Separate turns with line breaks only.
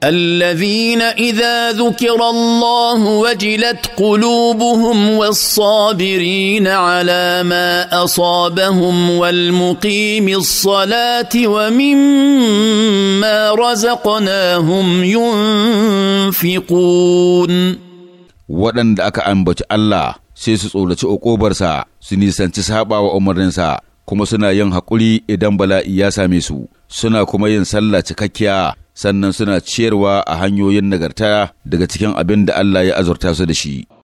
الذين اذا ذكر الله وجلت قلوبهم والصابرين على ما اصابهم والمقيم الصلاه ومما رزقناهم
ينفقون waɗanda aka ambaci Allah sai su tsoraci ƙobarsa su nisanci saɓa wa umarninsa kuma suna yin haƙuri idan bala'i ya same su suna kuma yin sallah cikakkiya sannan suna ciyarwa a hanyoyin nagarta daga cikin abin da Allah ya azurta su da shi.